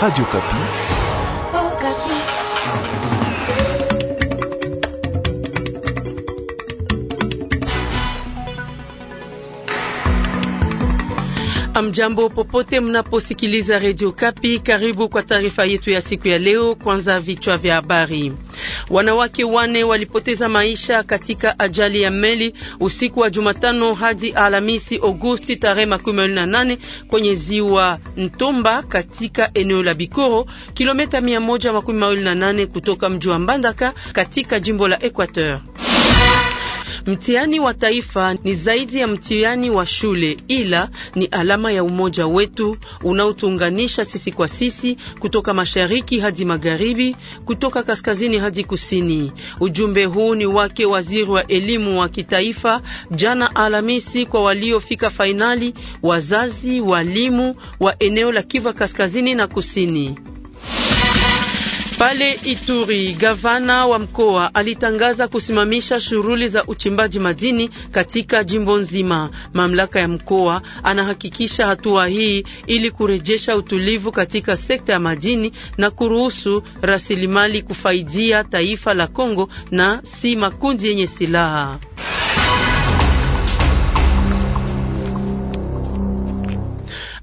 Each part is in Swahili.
Radio Kapi. Hamjambo popote mnaposikiliza redio Kapi, karibu kwa taarifa yetu ya siku ya leo. Kwanza vichwa vya habari: wanawake wane walipoteza maisha katika ajali ya meli usiku wa Jumatano hadi Alhamisi Agosti tarehe 28 kwenye ziwa Ntomba katika eneo la Bikoro, kilomita 128 kutoka mji wa Mbandaka katika jimbo la Equateur. Mtihani wa taifa ni zaidi ya mtihani wa shule, ila ni alama ya umoja wetu unaotuunganisha sisi kwa sisi, kutoka mashariki hadi magharibi, kutoka kaskazini hadi kusini. Ujumbe huu ni wake waziri wa elimu wa kitaifa jana Alhamisi kwa waliofika fainali, wazazi, walimu wa eneo la Kivu kaskazini na kusini. Pale Ituri, gavana wa mkoa alitangaza kusimamisha shughuli za uchimbaji madini katika jimbo nzima. Mamlaka ya mkoa anahakikisha hatua hii ili kurejesha utulivu katika sekta ya madini na kuruhusu rasilimali kufaidia taifa la Kongo na si makundi yenye silaha.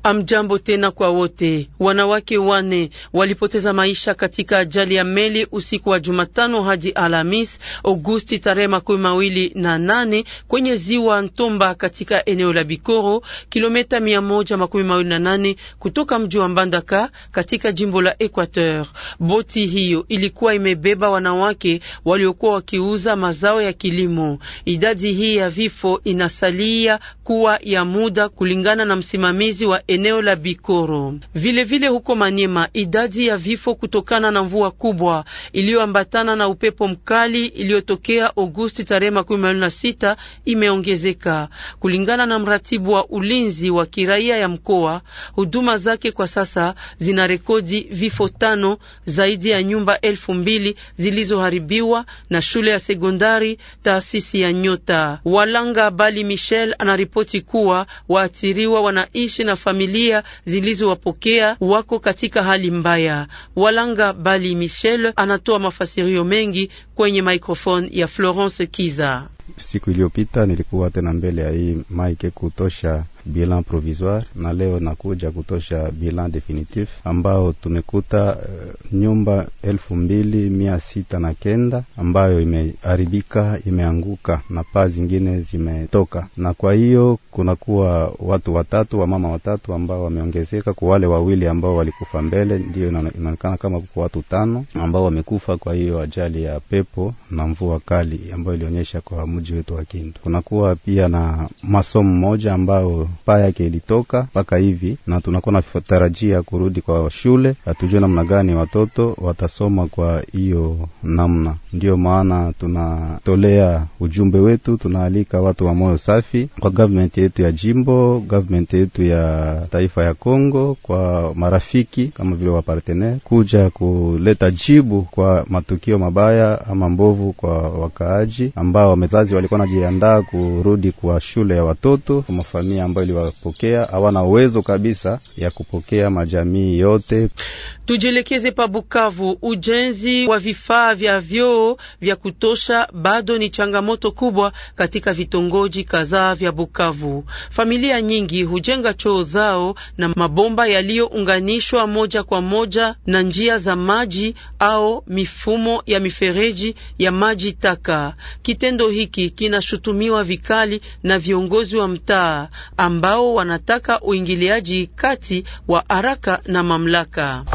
Amjambo tena kwa wote. Wanawake wane walipoteza maisha katika ajali ya meli usiku wa Jumatano hadi Alhamis Agosti tarehe makumi mawili na nane kwenye ziwa Ntomba katika eneo la Bikoro, kilometa mia moja makumi mawili na nane kutoka mji wa Mbandaka katika jimbo la Equateur. Boti hiyo ilikuwa imebeba wanawake waliokuwa wakiuza mazao ya kilimo. Idadi hii ya vifo inasalia kuwa ya muda kulingana na msimamizi wa eneo la Bikoro. Vilevile vile huko Manyema, idadi ya vifo kutokana na mvua kubwa iliyoambatana na upepo mkali iliyotokea Agosti tarehe sita imeongezeka. Kulingana na mratibu wa ulinzi wa kiraia ya mkoa, huduma zake kwa sasa zina rekodi vifo tano, zaidi ya nyumba elfu mbili zilizoharibiwa na shule ya sekondari taasisi ya Nyota. Walanga Bali Michel anaripoti kuwa waathiriwa wanaishi na familia familia zilizowapokea wako katika hali mbaya. Walanga Bali Michel anatoa mafasirio mengi kwenye microphone ya Florence Kiza. Siku iliyopita nilikuwa tena mbele ya hii mike kutosha bilan provisoire na leo nakuja kutosha bilan definitif ambao tumekuta uh, nyumba elfu mbili mia sita na kenda ambayo imeharibika imeanguka na paa zingine zimetoka, na kwa hiyo kunakuwa watu watatu wamama watatu ambao wameongezeka kwa wale wawili ambao walikufa mbele, ndiyo inaonekana kama kuko watu tano ambao wamekufa kwa hiyo ajali ya pepo na mvua kali ambayo ilionyesha kwa mji wetu wa Kindu. Kunakuwa pia na masomo moja ambayo paa yake ilitoka mpaka hivi, na tunakuwa na tarajia kurudi kwa shule. Hatujue namna gani watoto watasoma kwa hiyo namna, ndiyo maana tunatolea ujumbe wetu, tunaalika watu wa moyo safi kwa government yetu ya jimbo, government yetu ya taifa ya Kongo, kwa marafiki kama vile wapartener kuja kuleta jibu kwa matukio mabaya ama mbovu kwa wakaaji ambao wameza wazazi walikuwa wanajiandaa kurudi kwa shule ya watoto. Mafamilia ambayo iliwapokea hawana uwezo kabisa ya kupokea majamii yote. Tujielekeze pa Bukavu. Ujenzi wa vifaa vya vyoo vya kutosha bado ni changamoto kubwa katika vitongoji kadhaa vya Bukavu. Familia nyingi hujenga choo zao na mabomba yaliyounganishwa moja kwa moja na njia za maji au mifumo ya mifereji ya maji taka. Kitendo hiki kinashutumiwa vikali na viongozi wa mtaa ambao wanataka uingiliaji kati wa haraka na mamlaka.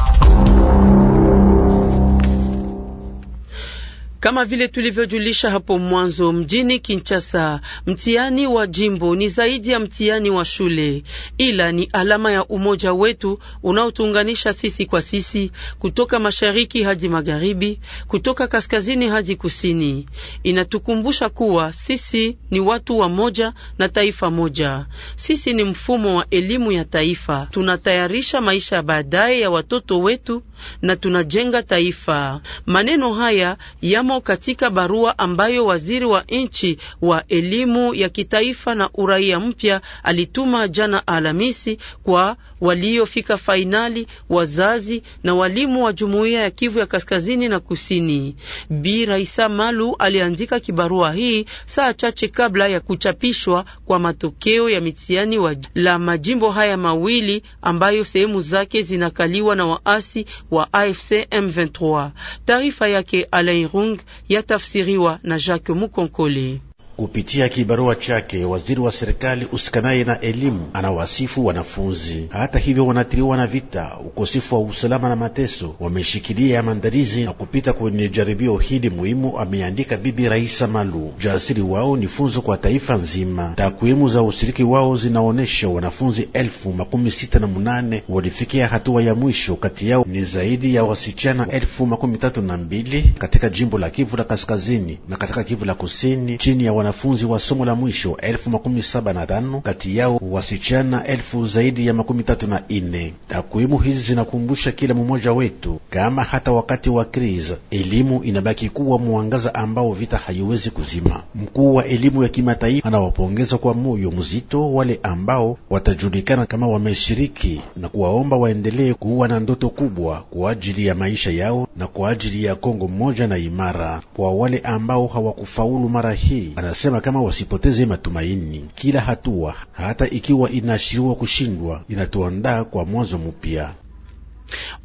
Kama vile tulivyojulisha hapo mwanzo, mjini Kinshasa mtihani wa jimbo ni zaidi ya mtihani wa shule, ila ni alama ya umoja wetu unaotuunganisha sisi kwa sisi, kutoka mashariki hadi magharibi, kutoka kaskazini hadi kusini. Inatukumbusha kuwa sisi ni watu wa moja na taifa moja. Sisi ni mfumo wa elimu ya taifa, tunatayarisha maisha baadaye ya watoto wetu na tunajenga taifa. Maneno haya ya mtazamo katika barua ambayo waziri wa nchi wa elimu ya kitaifa na uraia mpya alituma jana Alhamisi kwa waliofika fainali, wazazi na walimu wa jumuiya ya Kivu ya kaskazini na kusini. Bi Raisa Malu aliandika kibarua hii saa chache kabla ya kuchapishwa kwa matokeo ya mitihani wa la majimbo haya mawili ambayo sehemu zake zinakaliwa na waasi wa AFC M23. Taarifa yake Alain King yatafsiriwa na Jacques Mukonkole. Kupitia kibarua chake, waziri wa serikali usikanaye na elimu anawasifu wanafunzi, hata hivyo wanatiriwa na vita, ukosefu wa usalama na mateso. Wameshikilia ya maandalizi na kupita kwenye jaribio hili muhimu, ameandika Bibi Raisa Malu. Jasiri wao ni funzo kwa taifa nzima. Takwimu za ushiriki wao zinaonyesha wanafunzi elfu makumi sita na munane walifikia hatua ya mwisho, kati yao ni zaidi ya wasichana elfu makumi tatu na mbili katika jimbo la Kivu la kaskazini na katika Kivu la kusini chini ya wanafunzi wa somo la mwisho elfu makumi saba na tano kati yao wasichana elfu zaidi ya makumi tatu na ine. Takwimu hizi zinakumbusha kila mmoja wetu kama hata wakati wa krizi elimu inabaki kuwa mwangaza ambao vita haiwezi kuzima. Mkuu wa elimu ya kimataifa anawapongeza kwa moyo mzito wale ambao watajulikana kama wameshiriki na kuwaomba waendelee kuwa na ndoto kubwa kwa ajili ya maisha yao na kwa ajili ya Kongo moja na imara. Kwa wale ambao hawakufaulu mara hii ana Anasema kama wasipoteze matumaini, kila hatua hata ikiwa inaashiriwa kushindwa, inatuandaa kwa mwanzo mpya.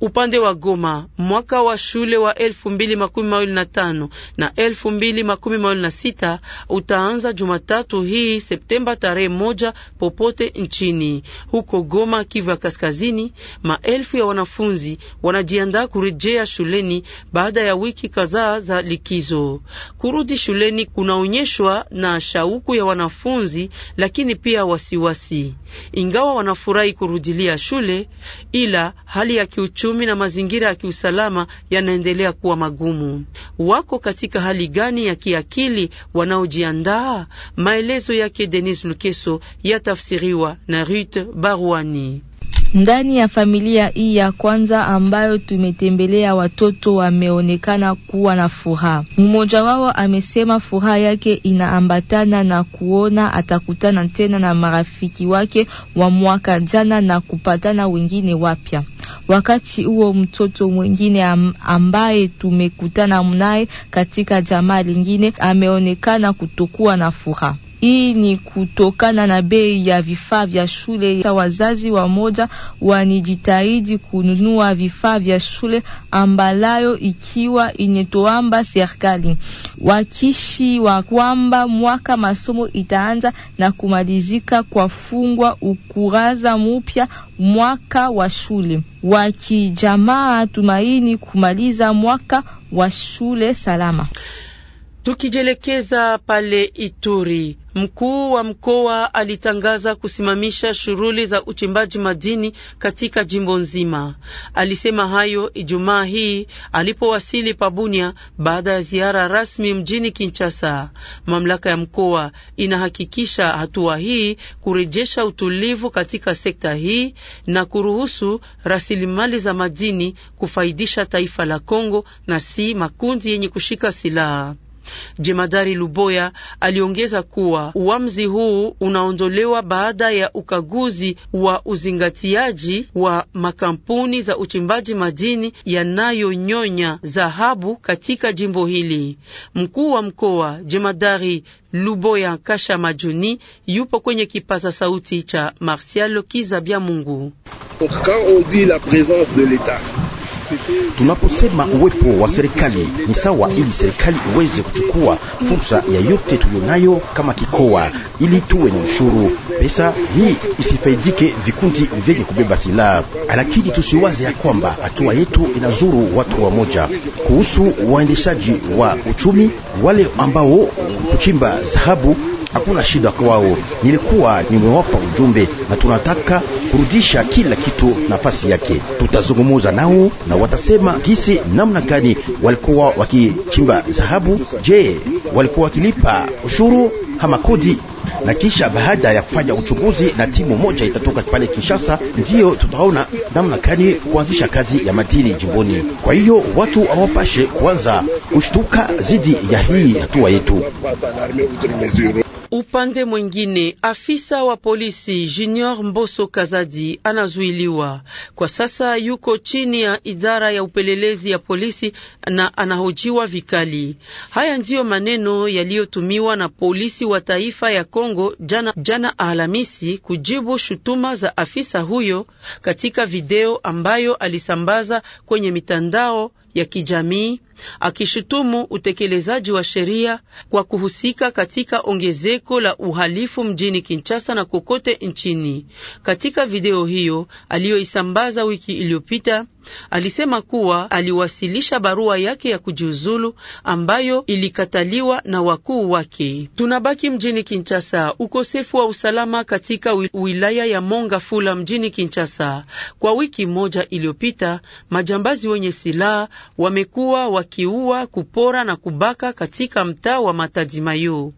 Upande wa Goma, mwaka wa shule wa elfu mbili makumi mawili na tano na elfu mbili makumi mawili na sita utaanza Jumatatu hii Septemba tarehe moja popote nchini. Huko Goma, Kivu ya Kaskazini, maelfu ya wanafunzi wanajiandaa kurejea shuleni baada ya wiki kadhaa za likizo. Kurudi shuleni kunaonyeshwa na shauku ya wanafunzi, lakini pia wasiwasi. Ingawa wanafurahi kurudilia shule, ila hali ya kiuchumi na mazingira ya kiusalama yanaendelea kuwa magumu. Wako katika hali gani ya kiakili wanaojiandaa? Maelezo yake Denis Lukeso yatafsiriwa na Rut Barwani. Ndani ya familia hii ya kwanza ambayo tumetembelea, watoto wameonekana kuwa na furaha. Mmoja wao amesema furaha yake inaambatana na kuona atakutana tena na marafiki wake wa mwaka jana na kupatana wengine wapya. Wakati huo mtoto mwingine ambaye tumekutana naye katika jamaa lingine ameonekana kutokuwa na furaha. Hii ni kutokana na bei ya vifaa vya shule. Wazazi wa moja wanijitahidi kununua vifaa vya shule ambalayo ikiwa inetoamba serikali wakishi wa kwamba mwaka masomo itaanza na kumalizika kwa fungwa ukuraza mupya mwaka wa shule wakijamaa tumaini kumaliza mwaka wa shule salama. Tukijelekeza pale Ituri, Mkuu wa mkoa alitangaza kusimamisha shughuli za uchimbaji madini katika jimbo nzima. Alisema hayo Ijumaa hii alipowasili Pabunia baada ya ziara rasmi mjini Kinshasa. Mamlaka ya mkoa inahakikisha hatua hii kurejesha utulivu katika sekta hii na kuruhusu rasilimali za madini kufaidisha taifa la Kongo na si makundi yenye kushika silaha. Jemadari Luboya aliongeza kuwa uamuzi huu unaondolewa baada ya ukaguzi wa uzingatiaji wa makampuni za uchimbaji madini yanayonyonya dhahabu katika jimbo hili. Mkuu wa mkoa Jemadari Luboya Kasha Majuni yupo kwenye kipaza sauti cha Marsialo Kizabya Mungu. Tunaposema uwepo wa serikali ni sawa, ili serikali iweze kuchukua fursa ya yote tuliyonayo kama kikoa, ili tuwe na ushuru. Pesa hii isifaidike vikundi vyenye kubeba silaha, lakini tusiwaze ya kwamba hatua yetu inazuru watu wa moja. Kuhusu waendeshaji wa uchumi, wale ambao kuchimba dhahabu hakuna shida kwao. Nilikuwa nimewapa ujumbe na tunataka kurudisha kila kitu nafasi yake. Tutazungumuza nao na watasema gisi namna gani walikuwa wakichimba dhahabu. Je, walikuwa wakilipa ushuru ama kodi? na kisha baada ya kufanya uchunguzi na timu moja itatoka pale Kinshasa, ndiyo tutaona namna gani kuanzisha kazi ya madini jimboni. Kwa hiyo watu hawapashe kuanza kushtuka zidi ya hii hatua yetu. Upande mwingine, afisa wa polisi Junior Mboso Kazadi anazuiliwa kwa sasa, yuko chini ya idara ya upelelezi ya polisi na anahojiwa vikali. Haya ndiyo maneno yaliyotumiwa na polisi wa taifa ya Kongo jana, jana Alhamisi kujibu shutuma za afisa huyo katika video ambayo alisambaza kwenye mitandao ya kijamii akishutumu utekelezaji wa sheria kwa kuhusika katika ongezeko la uhalifu mjini Kinshasa na kokote nchini. Katika video hiyo aliyoisambaza wiki iliyopita, alisema kuwa aliwasilisha barua yake ya kujiuzulu ambayo ilikataliwa na wakuu wake. Tunabaki mjini Kinshasa. Ukosefu wa usalama katika wilaya ya monga fula mjini Kinshasa, kwa wiki moja iliyopita, majambazi wenye silaha wamekuwa wakiua, kupora na kubaka katika mtaa wa Matadimayo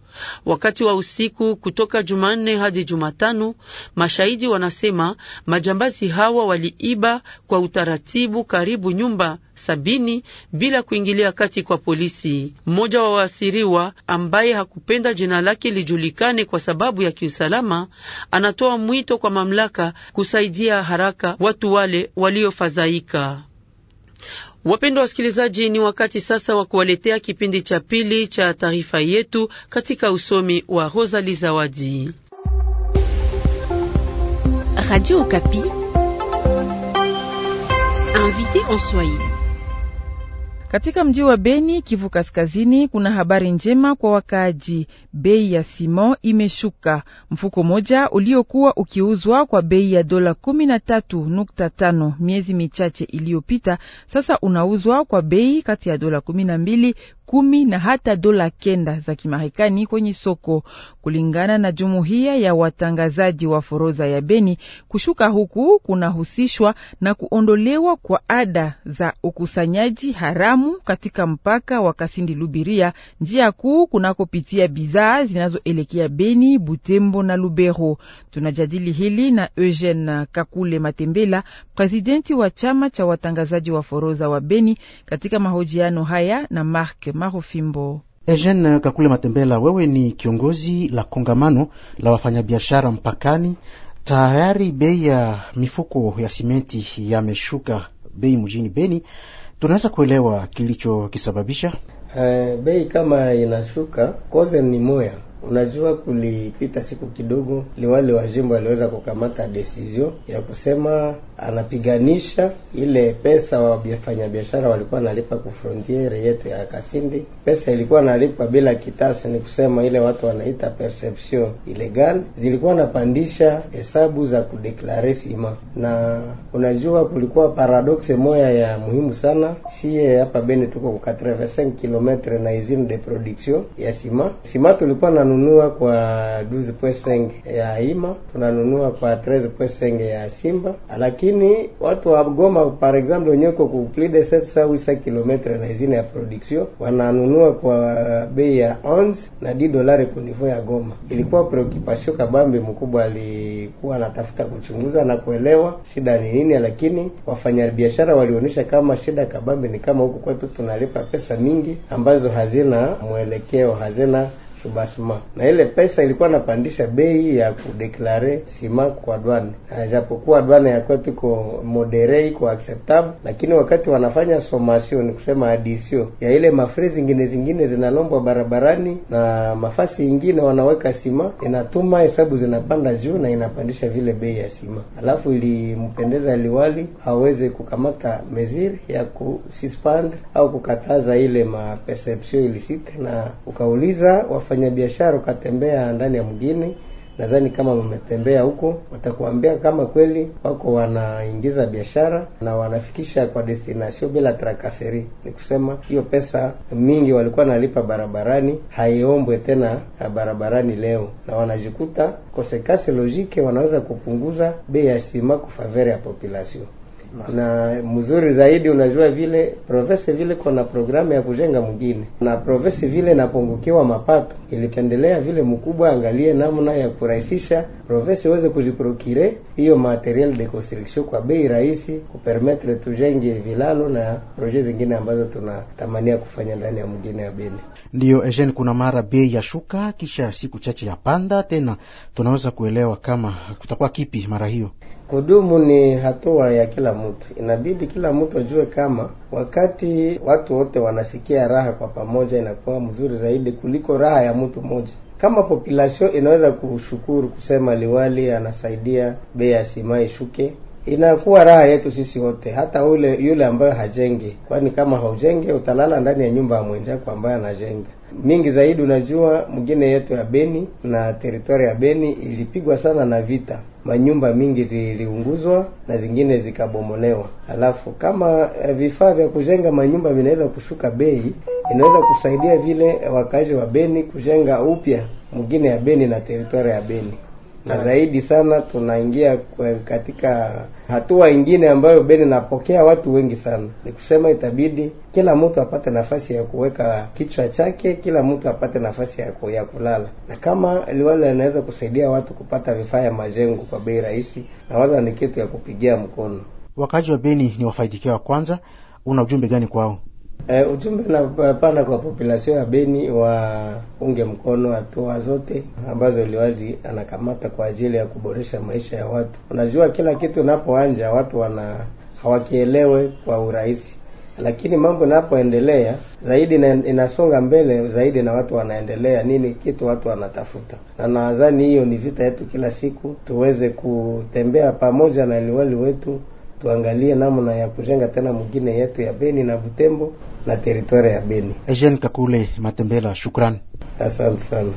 wakati wa usiku kutoka Jumanne hadi Jumatano. Mashahidi wanasema majambazi hawa waliiba kwa utaratibu karibu nyumba sabini bila kuingilia kati kwa polisi. Mmoja wa waasiriwa ambaye hakupenda jina lake lijulikane kwa sababu ya kiusalama, anatoa mwito kwa mamlaka kusaidia haraka watu wale waliofadhaika. Wapendwa wasikilizaji, ni wakati sasa wa kuwaletea kipindi cha pili cha taarifa yetu katika usomi wa Rosalie Zawadi. Radio Okapi, invité en Swahili. Katika mji wa Beni, Kivu Kaskazini, kuna habari njema kwa wakaaji. Bei ya simo imeshuka. Mfuko moja uliokuwa ukiuzwa kwa bei ya dola 13.5 miezi michache iliyopita, sasa unauzwa kwa bei kati ya dola 12, na kumi na hata dola kenda za Kimarekani kwenye soko, kulingana na jumuiya ya watangazaji wa forodha ya Beni. Kushuka huku kunahusishwa na kuondolewa kwa ada za ukusanyaji haramu binadamu katika mpaka wa Kasindi Lubiria, njia kuu kunakopitia bidhaa zinazoelekea Beni, Butembo na Lubero. Tunajadili hili na Eugene Kakule Matembela, presidenti wa chama cha watangazaji wa foroza wa Beni, katika mahojiano haya na Mark Marofimbo. Eugene Kakule Matembela, wewe ni kiongozi la kongamano la wafanyabiashara mpakani. Tayari bei ya mifuko ya simenti yameshuka bei mjini Beni tunaweza kuelewa kilichokisababisha. Uh, bei kama inashuka koze ni moya Unajua, kulipita siku kidogo, liwali wa jimbo waliweza kukamata decision ya kusema anapiganisha ile pesa wafanyabiashara walikuwa nalipa ku frontiere yetu ya Kasindi. Pesa ilikuwa nalipa bila kitasa ni kusema ile watu wanaita perception ilegal, zilikuwa napandisha hesabu za kudeklare sima. Na unajua kulikuwa paradoxe moya ya muhimu sana, siye hapa Beni tuko ku 85 km na usine de production ya sima sima tulikuwa na tunanunua kwa 12% ya Ima, tunanunua kwa 13% ya Simba, lakini watu wa Goma par exemple wenyeko ko ku plus de 700 km na izina ya production wananunua kwa bei ya 11 na 10 dolari kunivo ya Goma. Ilikuwa preoccupation kabambe mkubwa alikuwa anatafuta kuchunguza na kuelewa shida ni nini, lakini wafanyabiashara walionyesha kama shida kabambe ni kama huku kwetu tunalipa pesa mingi ambazo hazina mwelekeo, hazina subasma, na ile pesa ilikuwa napandisha bei ya kudeklare sima kwa dwane, na japokuwa dwane ya kwetu iko modere, iko acceptable, lakini wakati wanafanya somation, ni kusema adisio ya ile mafre zingine zingine zinalombwa barabarani na mafasi ingine wanaweka sima, inatuma hesabu zinapanda juu na inapandisha vile bei ya sima. Alafu ilimpendeza liwali aweze kukamata meziri ya kususpendre au kukataza ile maperception ilisite, na ukauliza wafa wafanyabiashara ukatembea ndani ya mgini, nadhani kama mmetembea huko, watakuambia kama kweli wako wanaingiza biashara na wanafikisha kwa destination bila trakaseri. Ni kusema hiyo pesa mingi walikuwa nalipa barabarani haiombwe tena barabarani leo, na wanajikuta kosekasi logike, wanaweza kupunguza bei ya sima kufavere ya population na mzuri zaidi, unajua vile provesi vile kuna programu ya kujenga mwingine na provesi vile inapungukiwa mapato, ilipendelea vile mkubwa angalie namna ya kurahisisha provesi iweze kujiprokire hiyo materiel de construction kwa bei rahisi, kupermetre tujenge vilalo na proje zingine ambazo tunatamania kufanya ndani ya mwingine ya bene Ndiyo ejen kuna mara bei ya shuka kisha siku chache ya panda tena, tunaweza kuelewa kama kutakuwa kipi mara hiyo? Kudumu ni hatua ya kila mtu. Inabidi kila mtu ajue kama wakati watu wote wanasikia raha kwa pamoja, inakuwa mzuri zaidi kuliko raha ya mtu mmoja. Kama population inaweza kushukuru kusema liwali anasaidia bei ya sima ishuke, inakuwa raha yetu sisi wote, hata ule yule ambaye hajenge, kwani kama haujenge utalala ndani ya nyumba ya mwenjako ambaye anajenga mingi zaidi. Unajua, mgine yetu ya Beni na teritoria ya Beni ilipigwa sana na vita manyumba mingi ziliunguzwa na zingine zikabomolewa. Alafu kama eh, vifaa vya kujenga manyumba vinaweza kushuka bei, inaweza kusaidia vile wakazi wa Beni kujenga upya mwingine ya Beni na teritoria ya Beni na zaidi sana tunaingia katika hatua ingine ambayo Beni napokea watu wengi sana. Ni kusema itabidi kila mtu apate nafasi ya kuweka kichwa chake, kila mtu apate nafasi ya ku, ya kulala, na kama liwale anaweza kusaidia watu kupata vifaa ya majengo kwa bei rahisi, nawaza ni kitu ya kupigia mkono. wakaji wa Beni ni wafaidikia wa kwanza. Una ujumbe gani kwao? E, ujumbe na eh, pana kwa populasio ya Beni wa unge mkono hatua zote ambazo liwazi anakamata kwa ajili ya kuboresha maisha ya watu. Unajua, kila kitu unapoanja watu wana hawakielewe kwa urahisi, lakini mambo inapoendelea zaidi na, inasonga mbele zaidi na watu wanaendelea nini kitu watu wanatafuta, na nadhani hiyo ni vita yetu kila siku, tuweze kutembea pamoja na liwali wetu tuangalie namna ya kujenga tena mwingine yetu ya Beni na Butembo na teritoria ya Beni. Eugene Kakule Matembela, shukrani, asante sana.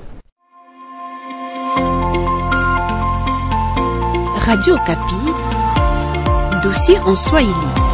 Radio Kapi, dossier en Swahili.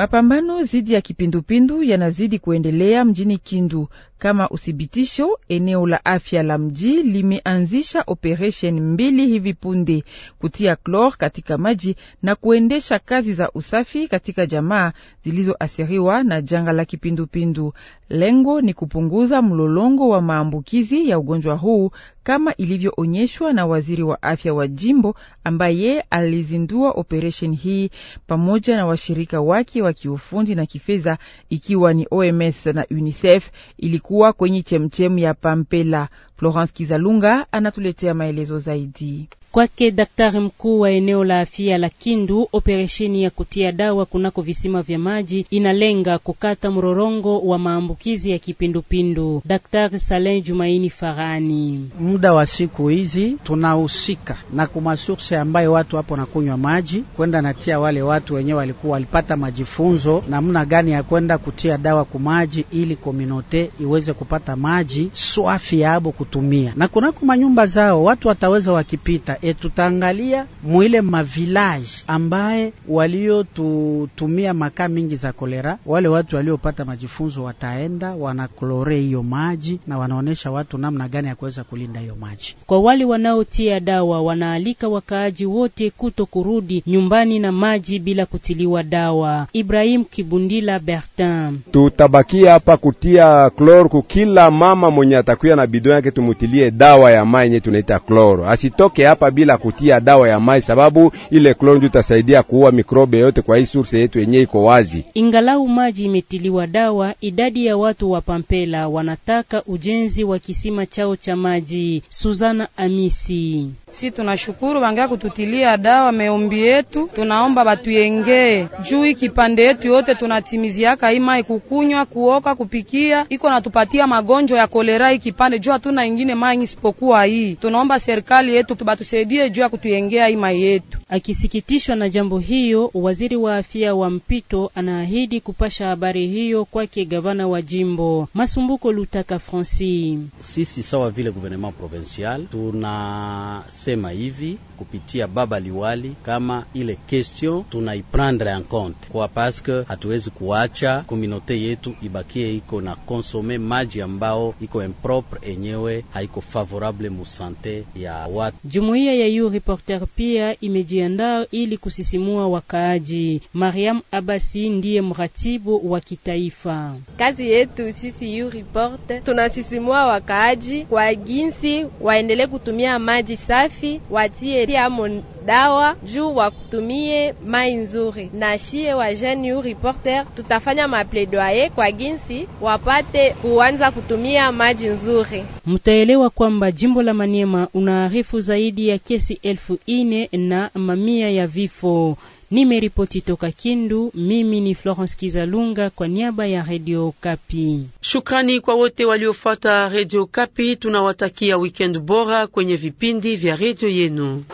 Mapambano dhidi ya kipindupindu yanazidi kuendelea mjini Kindu. Kama uthibitisho, eneo la afya la mji limeanzisha operesheni mbili hivi punde, kutia klor katika maji na kuendesha kazi za usafi katika jamaa zilizoathiriwa na janga la kipindupindu. Lengo ni kupunguza mlolongo wa maambukizi ya ugonjwa huu, kama ilivyoonyeshwa na waziri wa afya wa jimbo ambaye alizindua operesheni hii pamoja na washirika wake wa wa kiufundi na kifedha ikiwa ni OMS na UNICEF ilikuwa kwenye chemchemu ya Pampela. Florence Kizalunga anatuletea maelezo zaidi. Kwake daktari mkuu wa eneo la afya la Kindu, operesheni ya kutia dawa kunako visima vya maji inalenga kukata mrorongo wa maambukizi ya kipindupindu. Daktari Salen Jumaini Farani: muda wa siku hizi tunahusika na kumasurse ambayo watu na kunywa maji, kwenda natia wale watu wenyewe walikuwa walipata majifunzo namna gani ya kwenda kutia dawa kumaji, ili kominote iweze kupata maji swafi yabo kutumia na kunako manyumba zao watu wataweza wakipita. E, tutaangalia mwile mavilaji ambaye waliotutumia makaa mingi za kolera, wale watu waliopata majifunzo wataenda wanaklore hiyo maji na wanaonesha watu namna gani ya kuweza kulinda hiyo maji. Kwa wale wanaotia dawa, wanaalika wakaaji wote kuto kurudi nyumbani na maji bila kutiliwa dawa. Ibrahim Kibundila Bertin: tutabakia hapa kutia klor kukila mama mwenye atakuya na bidon yake tumutilie dawa ya mai nye tunaita kloro. Asitoke hapa bila kutia dawa ya mai, sababu ile kloro ndio itasaidia kuua mikrobe yote kwa hii source yetu yenyewe iko wazi. Ingalau maji imetiliwa dawa, idadi ya watu wa Pampela wanataka ujenzi wa kisima chao cha maji. Suzana Amisi: si tunashukuru bangaa kututilia dawa meombi yetu, tunaomba batuyengee juu ikipande yetu yote tunatimiziaka hii mai kukunywa, kuoka, kupikia, iko natupatia magonjwa ya kolera kipande juu hatuna namna ingine mangi isipokuwa hii. Tunaomba serikali yetu batusaidie juu ya kutuengea hii mai yetu. Akisikitishwa na jambo hiyo, waziri wa afya wa mpito anaahidi kupasha habari hiyo kwake gavana wa jimbo Masumbuko Lutaka Franci. Sisi sawa vile gouvernement provincial tunasema hivi kupitia baba liwali, kama ile question tunaiprendre en compte kwa paske hatuwezi kuacha komunote yetu ibakie iko na konsome maji ambao iko impropre enyewe yenyewe haiko favorable musante ya watu. Jumuiya ya Yu Reporter pia imejiandaa ili kusisimua wakaaji. Mariam Abasi ndiye mratibu wa kitaifa. Kazi yetu sisi Yu Reporter tunasisimua wakaaji kwa jinsi waendelee kutumia maji safi, watie amo dawa juu wakutumie mai nzuri, na shie wa Jeune Yu Reporter tutafanya mapledoye kwa ginsi wapate kuanza kutumia maji nzuri. Mtaelewa kwamba jimbo la Maniema unaarifu zaidi ya kesi elfu ine na mamia ya vifo. Nimeripoti toka Kindu. Mimi ni Florence Kizalunga kwa niaba ya Radio Kapi. Shukrani kwa wote waliofata Radio Kapi. Tunawatakia weekend bora kwenye vipindi vya redio yenu.